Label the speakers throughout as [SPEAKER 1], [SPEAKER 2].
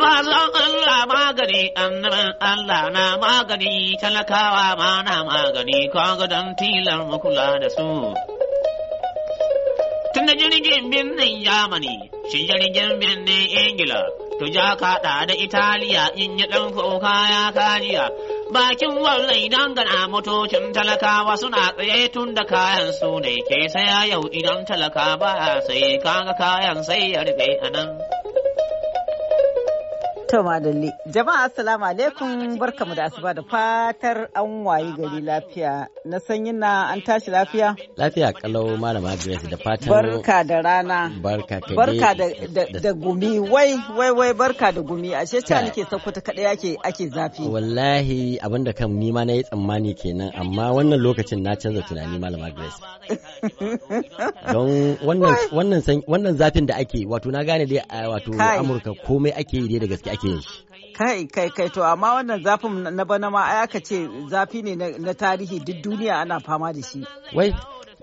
[SPEAKER 1] mazan Allah magani, annabin Allah na
[SPEAKER 2] magani, talakawa ma na magani, kaga don tilar makula da su. Tun da jirgin birnin Yamani,
[SPEAKER 1] shi jirgin birnin
[SPEAKER 2] Ingila, tuja kaɗa da Italiya in yi ɗan kuka ya kajiya. Bakin idan gana motocin talakawa suna tsaye tun da kayan su ne ke
[SPEAKER 1] saya yau idan talaka ba sai kaga kayan sai ya rufe a nan. Tama dalle. Jama'a assalamu alaikum barkamu da asuba da fatar an wayi gari lafiya. Na sanyin na an tashi lafiya? Lafiya
[SPEAKER 2] kalau malama Grace da fatan. Barka da rana. Barka ka Barka
[SPEAKER 1] da gumi wai wai wai barka da gumi ashe ta nake sakkwato kada ake ake zafi.
[SPEAKER 2] Wallahi abinda kam ni ma nayi tsammani kenan amma wannan lokacin na canza tunani malama Grace. Don wannan wannan zafin da ake wato na gane dai wato Amurka komai ake yi dai da gaske ake shi.
[SPEAKER 1] kai kai kai to amma wannan zafin na bana ma ai aka ce zafi ne na tarihi duk duniya ana fama da shi wai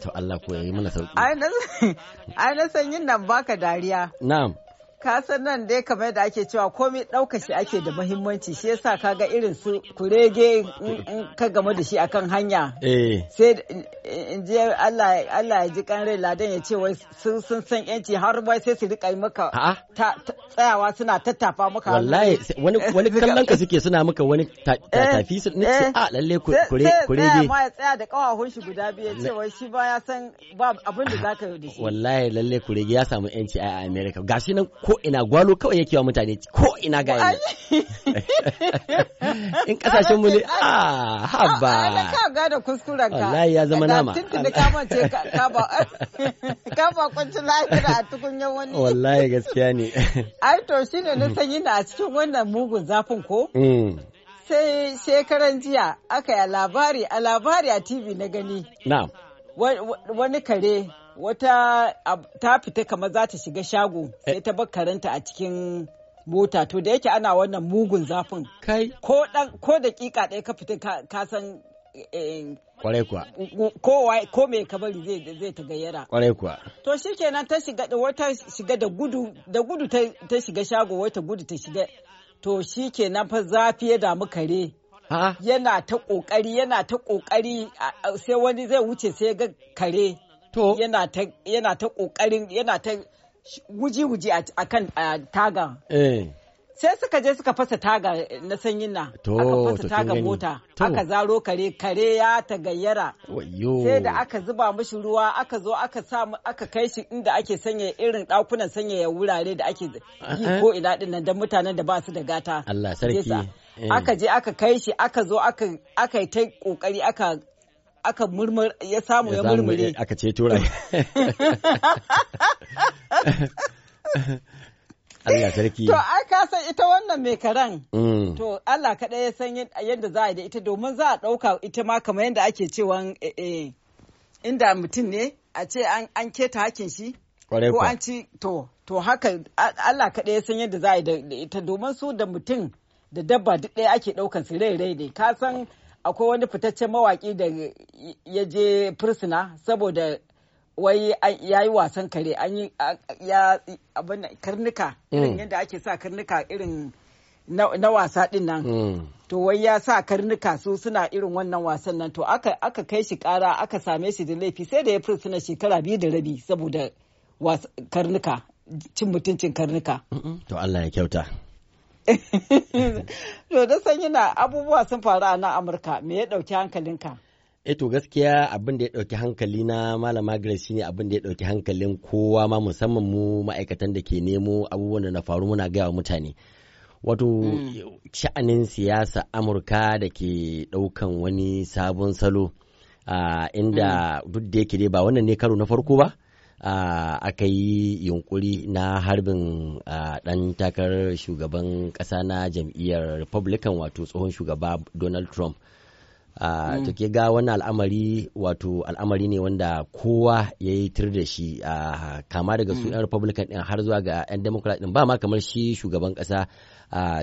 [SPEAKER 2] to Allah ko yayi mana sauki
[SPEAKER 1] ai na sanyin nan baka dariya na'am ka san nan dai kamar da ake cewa komai ɗauka shi ake da muhimmanci shi yasa kaga irin su kurege ka game da shi akan hanya eh. sai in je Allah ya ji kan rai ladan ya ce wai sun san yanci har wai sai su rika maka tsayawa suna tattafa maka wallahi
[SPEAKER 2] wani kallon ka suke suna maka wani eh, tafi su ne eh. a ah, lalle kurege sai ma
[SPEAKER 1] ya tsaya da kawahun shi guda biyu ce wai shi ba ya san ba abin da zaka yi da shi
[SPEAKER 2] wallahi lalle kurege ya samu yanci a America gashi nan ko ina gwalo kawai yake wa mutane ko ina ga in kasashen mu ne a ah, haba ka
[SPEAKER 1] ga da kuskuren ka wallahi ya zama nama tuntuni ka mace ka ba ka ba kunci lahira a tukunyar wani
[SPEAKER 2] wallahi gaskiya ne
[SPEAKER 1] ai to shine na san yana a cikin wannan mugun zafin ko mm. sai shekaran jiya aka yi labari a labari a TV na gani Na. wani kare wata ta fita kamar za ta shiga shago eh. sai ta bar karanta a cikin mota to da yake ana wannan mugun zafin kai ko dan ko dakika ɗaya ka fita ka san kwarai eh, kuwa kowa ko mai kabari zai zai ta gayyara kwarai kuwa to shikenan ta shiga da wata shiga da gudu da gudu ta shiga shago wata gudu ta shiga to shikenan fa zafi ya damu kare yana ta kokari yana ta kokari sai wani zai wuce sai ga kare yana ta yana ta kokarin yana ta guji-guji a kan taga. Eh. Sai suka je suka fasa taga eh, na sanyin na.
[SPEAKER 2] Aka fasa taga mota.
[SPEAKER 1] Aka zaro kare, kare ya tagayyara. Sai da aka zuba mashi ruwa, aka zo aka sa aka kai shi inda ake sanya irin ɗakunan sanyaya wurare da ake yi ko ina din nan don mutanen da ba su da gata.
[SPEAKER 2] Allah sarki. Eh. Aka
[SPEAKER 1] je aka kai shi, aka zo aka yi ta kokari aka aka murmur ya samu ya murmure
[SPEAKER 2] aka ce turai. Allah
[SPEAKER 3] sarki. To ai
[SPEAKER 1] ka san ita wannan mai karan.
[SPEAKER 3] Mm. To
[SPEAKER 1] Allah kaɗai ya san yadda za a da ita domin za a ɗauka ita ma kamar yadda ake cewa eh, eh, inda mutum ne a ce an keta hakin shi. Ko an ci to to haka Allah kaɗai ya san yadda za a da ita domin su da mutum da dabba duk ɗaya ake ɗaukan su rai rai ne ka san. akwai wani fitaccen mawaki da ya je fursuna saboda wai ya yi wasan kare an yi abin karnuka mm. irin yadda ake sa karnuka irin na wasa din nan mm. to wai ya sa karnuka su suna irin wannan wasan nan to aka kai shi kara aka same shi da laifi sai da ya fursuna shekara biyu da rabi saboda karnuka cin mutuncin karnuka to
[SPEAKER 2] Allah ya kyauta
[SPEAKER 1] to da san yana abubuwa sun faru a nan amurka me ya ɗauki hankalinka
[SPEAKER 2] eh to gaskiya abin da ya ɗauki hankali na malama grace shine abin da ya ɗauki hankalin kowa ma musamman mu ma'aikatan da ke nemo abubuwan da na faru muna gaya wa mutane wato hmm. sha'anin siyasa amurka da ke ɗaukan wani sabon salo ah, inda hmm. duk da yake dai ba wannan ne karo na farko ba aka yi yunkuri na harbin ɗan takarar shugaban kasa na jam'iyyar republican wato tsohon shugaba donald trump ta mm. to ke ga wannan al'amari wato al'amari ne wanda kowa ya yi tir da shi kama daga su 'yan mm. republican din har zuwa ga 'yan democrat din ba ma kamar shi shugaban kasa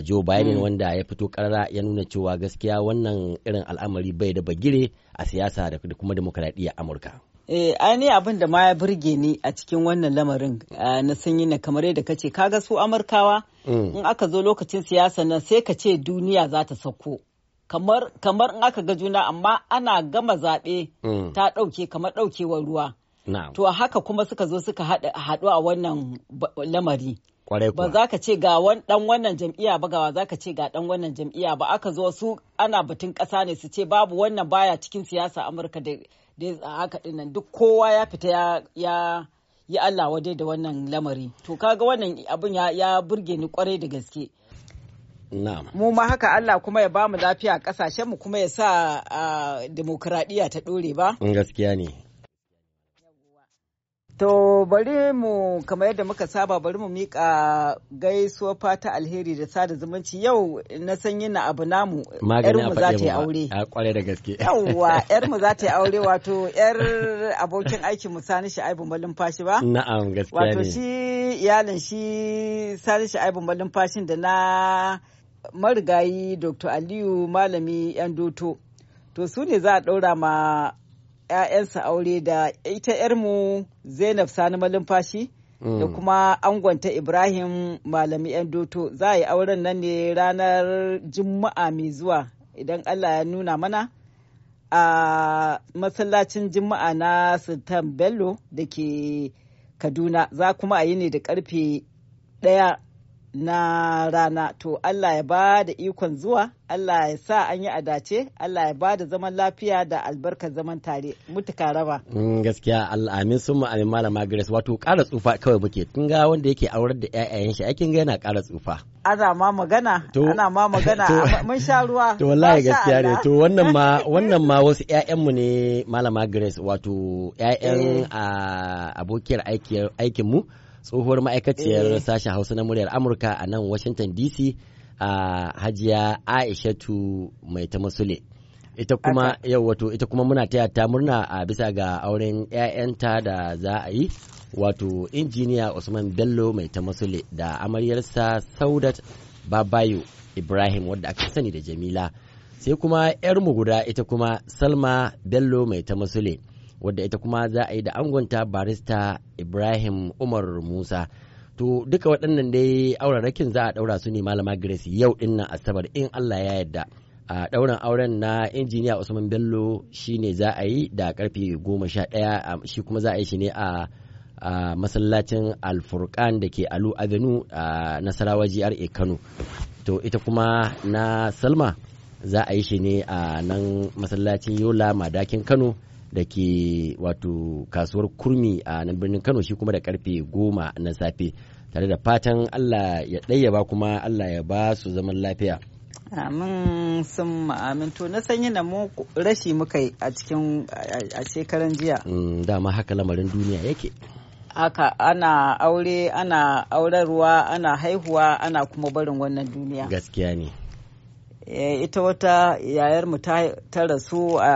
[SPEAKER 2] joe biden mm. wanda ya fito karara ya nuna cewa gaskiya wannan irin al'amari bai da bagire a siyasa da kuma demokradiyyar amurka.
[SPEAKER 1] Eh, ani abin da ma ya burge ni a cikin wannan lamarin na sanyi na kamar yadda kace kaga su Amurkawa mm. in aka zo lokacin siyasa nan sai ka ce duniya za ta sauko. Kamar in aka ga juna amma ana gama zaɓe mm. ta ɗauke kamar ɗaukewar ruwa. To haka kuma suka zo suka haɗu a wannan lamari. Ba za ka ce ga ɗan wannan jam'iyya ba gawa za ka ce ga ɗan wannan jam'iyya ba aka zo su ana batun ƙasa ne su ce babu wannan baya cikin siyasa Amurka da dai aka dinnan duk kowa ya fita ya ya yi Allah waje da wannan lamari to kaga wannan abin ya ya burge ni kwarai da gaske mu ma haka Allah kuma ya bamu lafiya kasashen mu kuma ya sa ah, demokradiya ta dore ba
[SPEAKER 2] gaskiya ne
[SPEAKER 1] To bari mu kamar yadda muka saba bari mu miƙa gaisuwa fata alheri da sada zumunci yau na san yin abu namu yar mu za ta yi aure.
[SPEAKER 2] A kware da gaske. Yawwa
[SPEAKER 1] yar mu za ta yi aure wato yar abokin aikin mu Sani malin Fashi ba?
[SPEAKER 2] Na'am gaskiya ne. Wato
[SPEAKER 1] shi iyalin shi Sani malin Fashin da na marigayi Dr. Aliyu Malami Yandoto. To su ne za a ɗora ma 'ya'yansa aure da ita 'yarmu zainab sani malumfashi mm. da kuma angonta ibrahim malami 'yan doto za a yi auren nan ne ranar juma'a mai zuwa idan allah ya nuna mana a masallacin juma'a na sultan bello da ke kaduna za kuma a yi ne da karfe ɗaya na rana to Allah ya ba da ikon zuwa Allah ya sa an yi adace Allah ya ba da zaman lafiya da albarkar zaman tare mutuka raba
[SPEAKER 2] mm, gaskiya Allah sun ma amin malama Grace wato ƙara tsufa kawai muke kin ga wanda yake aurar da ƴaƴayen shi aikin ga yana ƙara tsufa
[SPEAKER 1] ana ma magana ana ma magana mun sha ruwa to wallahi gaskiya ne to
[SPEAKER 2] wannan ma wannan ma wasu ƴaƴan mu ne malama Grace wato ƴaƴan eh. ah, abokiyar aikin mu tsohuwar ma'aikaciyar eh. sashen hausa na muryar amurka a nan washington dc a hajiya aishatu mai ta masule ita kuma yau wato ita kuma muna taya ta murna a bisa ga auren 'ya'yanta da za a yi wato injiniya usman bello mai ta masule da amaryarsa saudat babayo ibrahim wadda aka sani da jamila sai kuma 'yarmu guda ita kuma salma bello mai ta masule wadda ita kuma za a yi da angonta barista ibrahim umar musa to duka waɗannan dai aurarakin za a ɗaura su ne malama grace yau ɗin asabar in allah ya yarda a ɗaurin auren na injiniya usman bello shi ne za a yi da karfe goma sha ɗaya shi kuma za a yi shi ne a masallacin alfurkan da ke alu avenu a nasarawa gra kano to ita kuma na salma za a yi shi ne a nan masallacin yola madakin kano da ke wato kasuwar kurmi a nan birnin kano shi kuma da karfe goma na safe tare da fatan allah ya ɗayyaba kuma allah ya ba su zaman lafiya
[SPEAKER 1] amin sun ma'amin na sanyi na mu rashi muka yi a cikin a shekaran jiya mm, dama haka lamarin duniya yake haka ana aure ana aurarwa ana haihuwa ana kuma barin wannan duniya gaskiya ne eh, ita wata yayar mu ta rasu a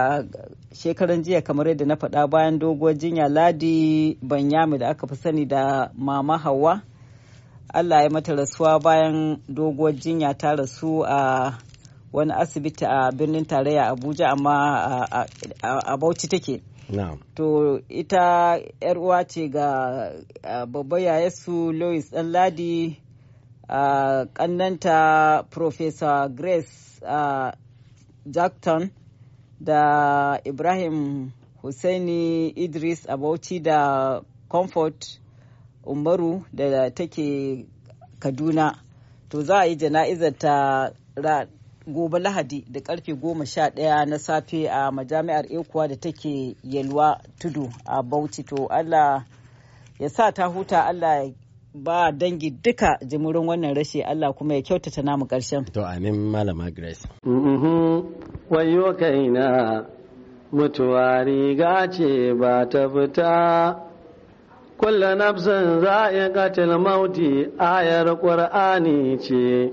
[SPEAKER 1] shekaran jiya kamar yadda na faɗa bayan doguwar jinya ladi banyami da aka fi sani da mama hawa allah ya mata rasuwa bayan doguwar jinya ta rasu a wani asibiti a birnin tarayya abuja amma a bauchi take to ita yar uwa ce ga babba yayesu louis dan ladi a kannanta professor grace jackton da ibrahim Hussaini idris abauchi da comfort umaru da take kaduna to za a yi jana'izar ta gobe lahadi da karfe goma sha ɗaya na safe a majami'ar ekuwa da take yalwa tudu a bauchi to allah ya sa ta huta allah ba dangi duka jimurin wannan rashi Allah kuma ya kyautata namu ƙarshen. To amin malama Grace.
[SPEAKER 2] Mm-hmm. Wayo kaina mutuwa riga ce ba ta fita. Kulla nafsin za'iqatil mauti ayar Qur'ani ce.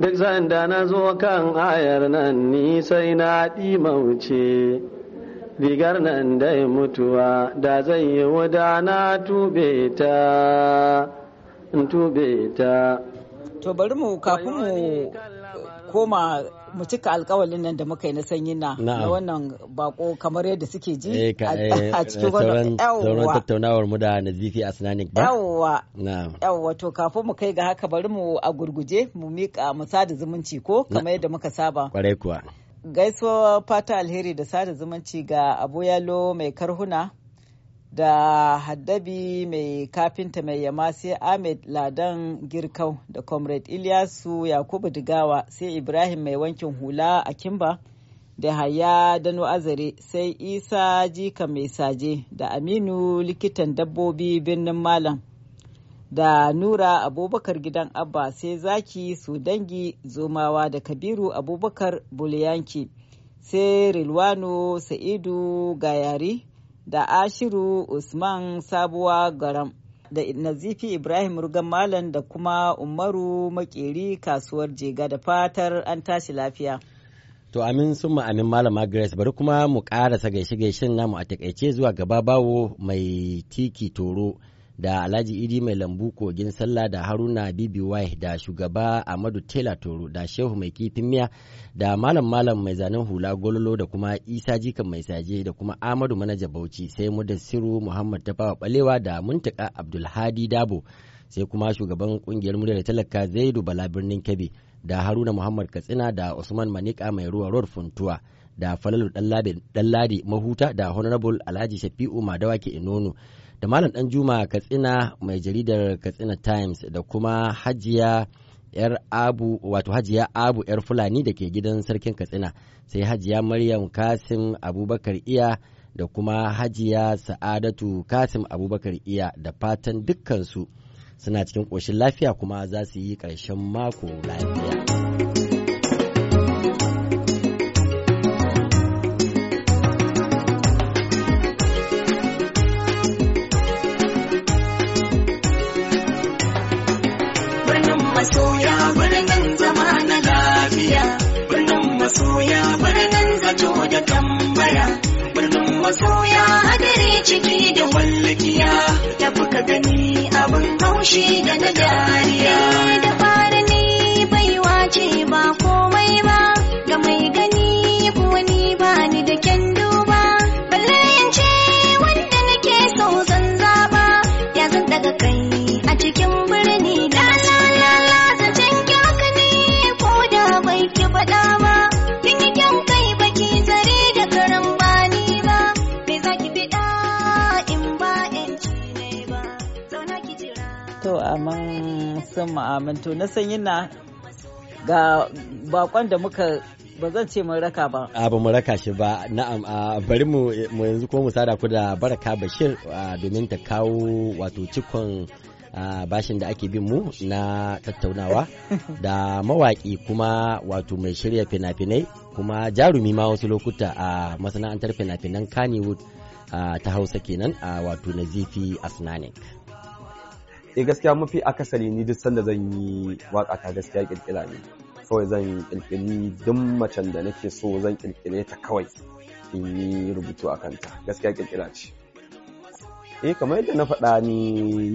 [SPEAKER 2] Duk sanda na zo kan ayar nan ni sai na ɗi mauce. rigar nan ya mutuwa da zai yi wuda na tube ta tube ta
[SPEAKER 1] to bari mu kafin mu koma mu cika alkawalin nan da muka yi na sanyi na na wannan bako kamar yadda suke ji eh eh, a cikin eh, wannan sauran
[SPEAKER 2] tattaunawar mu da nazifi sinanik ba
[SPEAKER 1] yawwa yawwa to kafin mu kai ga haka bari mu a gurguje mu mika mu sada zumunci ko kamar yadda muka saba kwarai kuwa gaisuwa fata alheri da sada zumunci ga abu yalo mai karhuna da haddabi mai kafinta mai yama sai ahmed ladan girkau da comrade ilyasu yakubu digawa sai ibrahim mai wankin hula a kimba da haya dano azare sai isa jika mai saje da aminu likitan dabbobi birnin malam da nura abubakar gidan abba sai zaki su dangi zomawa da kabiru abubakar bulyanki sai rilwano sa'idu gayari da ashiru usman sabuwa garam da nazifi ibrahim rugan malam da kuma umaru makeri kasuwar jega da fatar an tashi lafiya
[SPEAKER 2] To amin sun ma'amin malama Grace bari kuma mu ƙarasa gaishe-gaishen namu a takaice zuwa gaba bawo mai tiki toro da Alhaji Idi Mai Lambu Kogin Sallah da Haruna BBY da shugaba amadu Tela Toro da Shehu Mai Kifin Miya da Malam Malam Mai Zanen Hula Gololo da kuma Isa Jikan Mai Saje da kuma amadu Manaja Bauchi sai mu Mudassiru Muhammad ta Tafawa Balewa da Muntaka Abdulhadi Dabo sai kuma shugaban kungiyar da talaka Zaidu Bala Birnin Kebbi da Haruna Muhammad Katsina da Usman Manika Mai Ruwa rod Funtuwa. da falalu ladi mahuta da honorable alhaji shafi'u ke inono da Malam Danjuma Katsina mai jaridar Katsina Times da kuma Hajiya yar abu wato hajiya abu yar fulani da ke gidan sarkin katsina sai hajiya maryam kasim abubakar iya da kuma hajiya sa'adatu kasim abubakar iya da fatan dukkansu suna cikin ƙoshin lafiya kuma za su yi ƙarshen mako lafiya
[SPEAKER 1] country na san na ga bakon da muka ba zan ce mun raka ba.
[SPEAKER 2] A ba mu raka shi ba na'am a bari mu yanzu kuma mu sada ku da baraka bashir domin ta kawo wato cikon bashin da ake bin mu na tattaunawa da mawaƙi kuma wato mai shirya fina-finai kuma jarumi ma wasu lokuta a masana'antar fina-finan Kannywood ta hausa kenan a wato
[SPEAKER 3] nazifi asnanik. eh gaskiya mafi akasari ni duk sanda zan yi waka ta gaskiya kirkira ne kawai zan kirkiri duk macen da nake so zan kirkire ta kawai in yi rubutu a kanta gaskiya kirkira ce eh kamar yadda na faɗa ni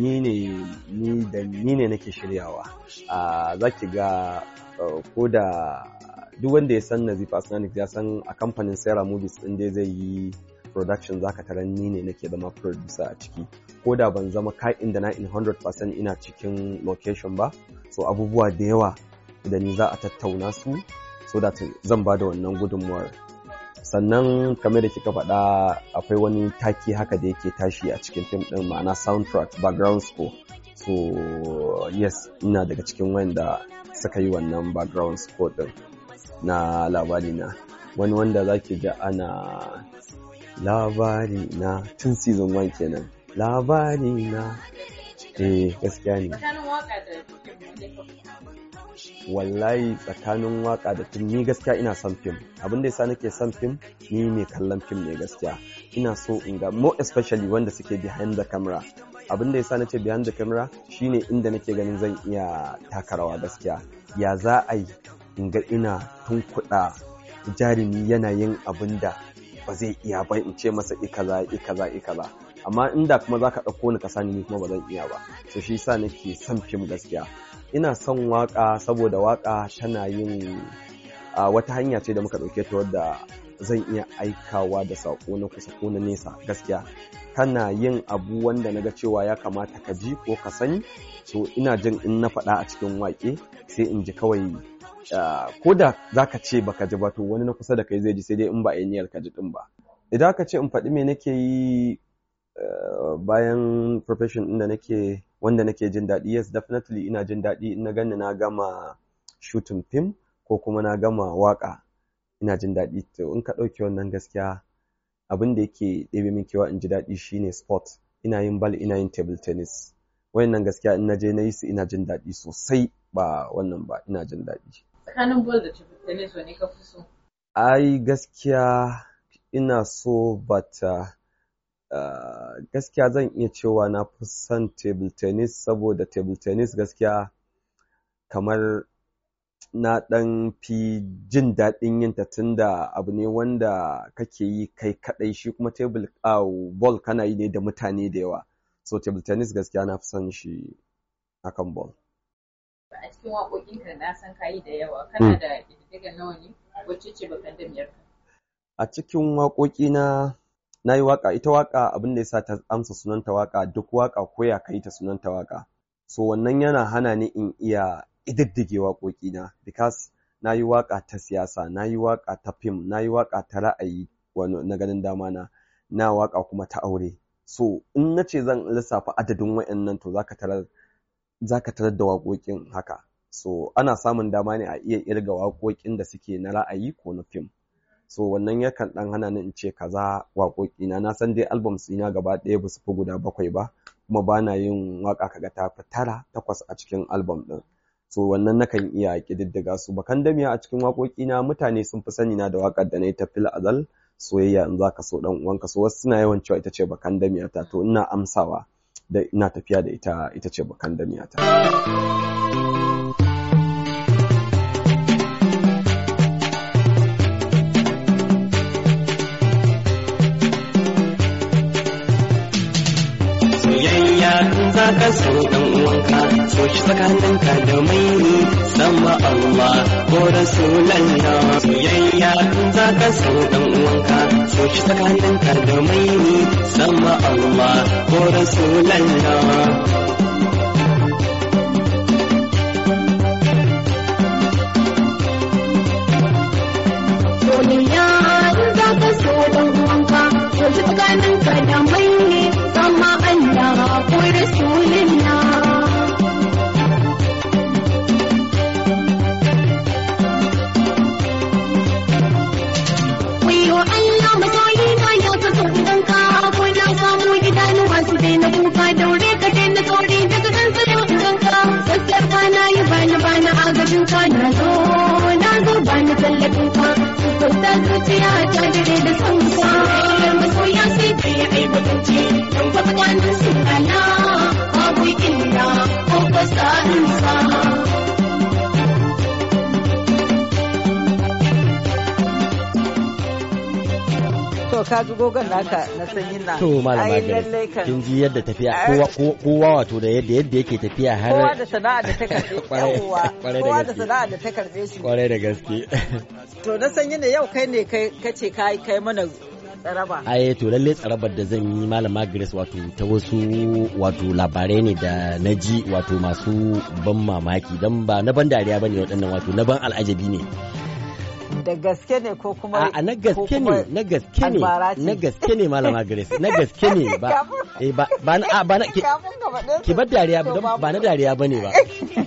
[SPEAKER 3] ni ne ni da ni ne nake shiryawa a zaki ga ko da duk wanda ya san nazifa Asnanik ya san a kamfanin Sarah Movies din dai zai yi production zaka taran ni ne nake zama producer a ciki ko da ban zama in da na in 100% ina cikin location ba so abubuwa da yawa da ni za a tattauna su so da zan ba da wannan gudunmuwar sannan kamar da kika faɗa akwai wani taki haka da yake tashi a cikin fim ɗin ma'ana soundtrack background score so yes ina daga cikin wanda suka yi wannan background score ɗin na labari na wani wanda zaki ga ana labari na tun season 1 kenan labari na eh gaskiya ne wallahi tsakanin waka da tun ni gaskiya ina son fim abin da yasa nake son fim ni mai kallon fim ne gaskiya ina so in ga more especially wanda suke behind the camera abin da yasa nace behind the camera shine inda nake ganin zan iya takarawa gaskiya ya za a yi in ga ina tun kuɗa jarumi yana yin abin da ba zai iya ba in ce masa ikaza ikaza ikaza amma inda kuma zaka ɗauko ni ka sani ni kuma ba zan iya ba to shi yasa nake son fim gaskiya ina son waka saboda waka tana yin ah, wata hanya ce da muka ɗauke ta wadda zan iya aikawa da sako na kusa ko na nesa gaskiya Tana yin abu wanda na ga cewa ya kamata ka ji ko ka sani so ina jin in na faɗa a cikin waƙe sai in ji kawai Ah, Koda da za ka ce baka ji ba wani na kusa da kai zai ji sai dai in ba a yi ka ji din ba idan ka ce in faɗi me nake yi eh, bayan profession inda nake wanda nake jin daɗi yes definitely ina jin daɗi in na gani na gama shooting fim ko kuma na gama waka ina jin daɗi to in ka ɗauki wannan gaskiya abin da yake ɗebe min kewa in ji daɗi shine sport ina yin bal ina yin table tennis wayannan gaskiya in na je na yi su ina jin daɗi sosai ba wannan ba ina jin daɗi
[SPEAKER 1] tsakanin bol da tennis wani ka fi so
[SPEAKER 3] ai gaskiya ina so bata uh, uh, gaskiya zan iya cewa na fi son table tennis saboda table tennis gaskiya kamar na ɗan fi jin daɗin yin ta tunda abu ne wanda kake yi kai kaɗai shi kuma table uh, ball kana yi ne da mutane da yawa so table tennis gaskiya na fi son shi akan ball
[SPEAKER 1] cikin waƙoƙinka na san kayi da yawa hmm. kana da ƙididdiga nawa ne wacce ce bakan damiyar ka
[SPEAKER 3] a cikin waƙoƙi na yi waƙa ita waƙa abin da ya sa ta amsa sunanta waƙa duk waƙa ko ya kai ta sunanta waƙa so wannan yana hana ni in iya ƙididdige na. because na yi waƙa ta siyasa na yi waƙa ta fim na yi waƙa ta ra'ayi na ganin dama na na waƙa kuma ta aure so in na ce zan lissafa adadin wa'annan to za ka tarar da waƙoƙin haka so ana samun dama ne a iya irga waƙoƙin da suke na ra'ayi ko na fim so wannan yakan dan hana ni in ce kaza waƙoƙi na na san dai albums ina gaba ɗaya ba su fi guda bakwai ba kuma ba na yin waƙa kaga ta fi tara takwas a cikin album ɗin so wannan nakan iya ƙididdiga su bakan damiya a cikin waƙoƙi na mutane sun fi sani na da wakar da na yi ta fil azal soyayya in za ka so dan uwanka so wasu suna yawan cewa ita ce bakan damiya ta to ina amsawa da ina tafiya da ita ita ce bakan damiya ta
[SPEAKER 2] ka so dan uwanka so shi tsakaninka da mai sama Allah ko rasulallah soyayya za ka so dan uwanka so shi tsakaninka da mai sama Allah ko rasulallah
[SPEAKER 1] soyayya
[SPEAKER 2] za ka so dan uwanka so shi tsakaninka da mai
[SPEAKER 3] رسول الله Wayo Allah masoyina ya fito idan ka ko na samu idanu masu
[SPEAKER 2] na kuka daure ka daina tsore daga kan tsayo idan ka tsakiyar ka na yi bani bani agajin ka na zo na zo bani tallafin ka kuka zuciya ta dare da son ya masoya sai ka yi aibatance don kwakwakwanin sun ala. to
[SPEAKER 1] ka zugo gan naka na sanyin na to kin
[SPEAKER 2] ji yadda tafiya eh. kowa wato da yadda yadda yake tafiya har kowa da
[SPEAKER 1] sana'a da ta karbe kowa da sana'a da ta karbe shi
[SPEAKER 2] kwarai da gaske
[SPEAKER 1] to na sanyin da yau kai ne kai kace kai kai mana tsaraba ai
[SPEAKER 2] to lalle tsarabar da zan yi malama Grace wato ta wasu wato labarai ne da na ji wato masu ban mamaki dan ba na ban dariya bane waɗannan wato na ban al'ajabi ne
[SPEAKER 1] da gaske ne ko kuma a na
[SPEAKER 2] gaske ne na gaske ne na gaske ne malama grace na gaske ne ba eh, ba na ah, ba na ki bar dariya ba na dariya bane ba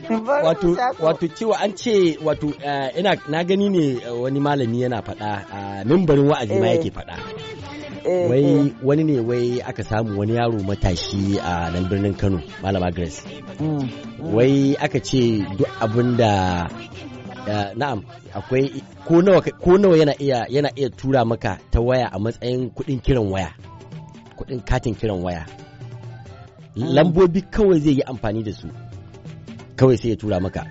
[SPEAKER 2] wato wato cewa an ce wato eh, ina na gani ne eh, wani malami yana faɗa a membarin wa'azi ma yake faɗa wai wani ne wai aka samu wani yaro matashi a nan birnin Kano malama Grace mm, mm. wai aka ce duk abin da Eh, na'am akwai ko nawa yana iya yana iya tura maka ta waya a matsayin kuɗin kiran waya kuɗin katin kiran waya ah. lambobi kawai zai yi amfani da su kawai sai ya tura maka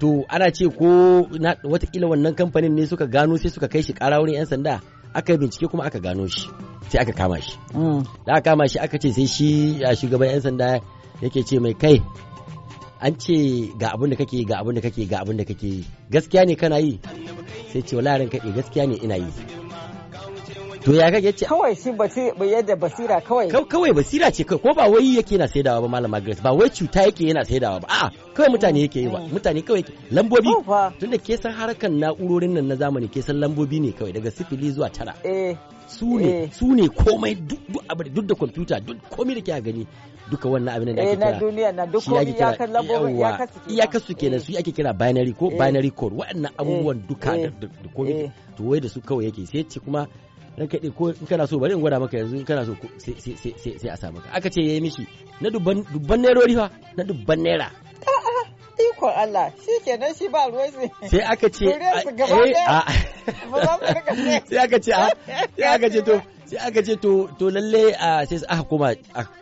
[SPEAKER 2] to ana ce ko watakila wannan kamfanin ne suka gano sai suka kai shi kara wurin 'yan sanda aka yi bincike kuma aka gano shi sai aka kama shi hmm. da aka kama shi aka ce sai shi shugaban 'yan sanda yake ce mai kai an ce ga abin da kake ga abin da kake ga abin da kake yi gaskiya ne kana yi sai ce wala ranka eh gaskiya ne ina yi to ya kake ce kawai shi yadda basira kawai kawai basira ce kai ko ba wai yake yana saidawa ba malama Grace ba wai cuta yake yana saidawa ba a'a kawai mutane yake yi ba mm. mutane kawai lambobi tunda ke san harkan na'urorin nan na zamani ke san lambobi ne kawai daga sifili zuwa tara eh su ne eh. su ne komai duk abu duk da kwamfuta duk komai da ke gani duka wannan abin da eh, ake kira na duniya na duk komai ya kan lambobin ya kasu ya kasu kenan su ake kira binary ko eh. binary code waɗannan eh. abubuwan duka da komai to wai da su kawai yake sai ce kuma dan kaɗe ko in kana so bari in gwada maka yanzu in kana so sai a samu ka aka ce ya yi mishi na dubban dubban nairori fa na dubban naira
[SPEAKER 1] ikon Allah shi kenan shi ba ruwan sai aka ce sai
[SPEAKER 2] aka ce ah, sai aka ce to sai aka ce to lalle a sai aka koma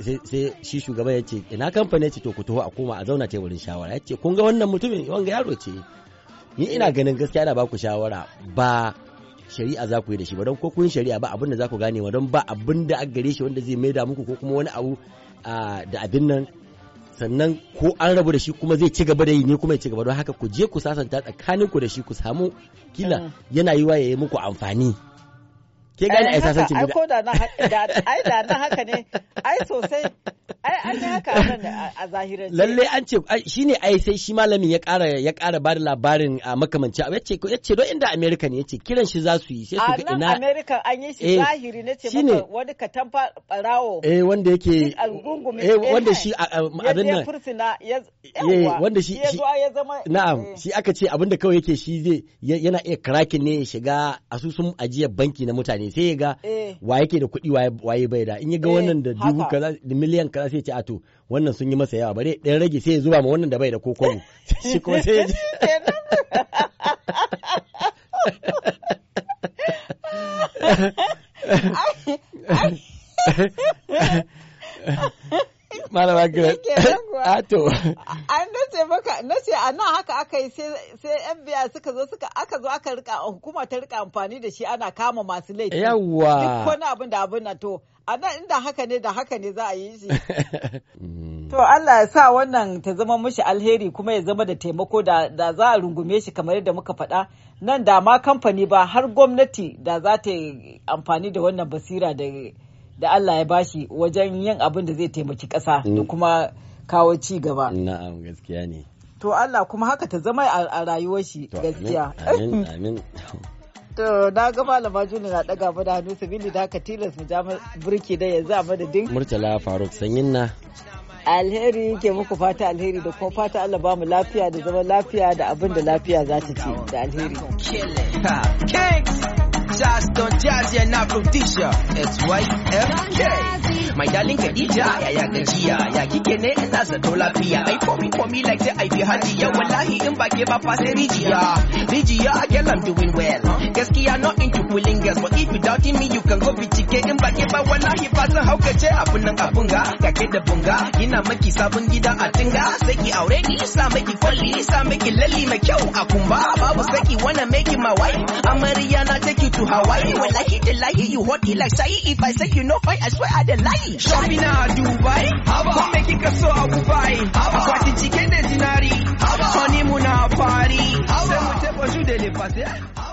[SPEAKER 2] sai shi shugaban ya ce ina kamfani ce to ku taho a koma a zauna ta teburin shawara ya ce kun ga wannan mutumin wanga yaro ce ni ina ganin gaskiya ana baku shawara ba shari'a za ku yi da shi ba don ko kun shari'a ba abin da za ku gane ba don ba abin da aka gare shi wanda zai maida muku ko kuma wani abu da abin nan sannan ko an rabu da shi kuma zai ci gaba da yi ne kuma ya ci gaba don haka ku je ku sasanta tsakaninku da shi ku samu kila mm. yana yiwa ya yi muku amfani ke gani eh, ai sasanci gida ko
[SPEAKER 1] da na ai da na haka ne ai sosai ai an haka a zahiran
[SPEAKER 2] lalle an ce shine ai sai shi malamin ya ƙara ya ƙara bada labarin a makamanci a yace yace do inda America ne yace kiran shi za su yi sai su ga ina
[SPEAKER 1] America an yi shi eh, zahiri ne ce maka wani katamfa barawo eh wanda yake eh, eh wanda shi abin nan eh wanda shi ya zama
[SPEAKER 2] na'am shi aka ce abinda kawai yake shi zai yana iya karakin ne ya shiga asusun ajiyar banki na mutane sai ya ga eh. wa yake da kuɗi waye bai da in ya ga eh, wannan da dubu kaza da miliyan kaza sai ya ce a to wannan sun yi masa yawa bare ɗan rage sai ya zuba ma wannan da bai da kokobo shi ko sai ya
[SPEAKER 1] ai malama Grace ah, a Ato. an ce maka ce a nan haka aka yi sai yan biya suka zo suka aka zo aka rika hukuma ta rika amfani da shi ana kama masu laifi yawwa duk wani abin da abin na to a nan inda haka ne da haka ne za a yi shi To Allah ya sa wannan ta zama mishi alheri kuma ya zama da taimako da, da za a rungume shi kamar yadda muka faɗa nan da ma kamfani ba har gwamnati da za ta amfani da wannan basira da da Allah ya bashi wajen yin abin da zai taimaki kasa da mm. kuma
[SPEAKER 2] kawo ci gaba. Na'am gaskiya ne.
[SPEAKER 1] To Allah kuma haka ta zama a rayuwar shi gaskiya. Amin amin. To na ga malama ne na daga mu da hannu sabili da haka tilas mu ja burki da yanzu a madadin.
[SPEAKER 2] Murtala Faruk sanyin na.
[SPEAKER 1] Alheri ke muku fata alheri da kuma fata Allah ba mu lafiya da zama lafiya da abin da lafiya za ta ci da alheri. Just
[SPEAKER 3] don't hajiya na Rhodesia SYFK. My darling Khadija
[SPEAKER 2] ya ya gajiya ya kike ne ina zato lafiya ai komi komi like sai ai bi hajiya wallahi in ba ke ba fa sai rijiya. Rijiya again I'm doing well. Gaskiya not into pulling gas but if you doubting me you can go bincike in ba ke ba wallahi ba zan haukace abun nan abun ga kake da bunga ina maki sabon gida a tinga sai ki aure ni sa maki kwalli sa maki lalli mai kyau a kumba babu saki wanna make my wife amarya na take you to Hawaii
[SPEAKER 1] wallahi lie, the lie, you hot it like say If I say you know fight, I swear I the lie. Shopping at Dubai, haba. Come make it so Abu Bai, haba. the chicken de dinari, haba. Honeymoon
[SPEAKER 3] party, haba. Say we take you deliver,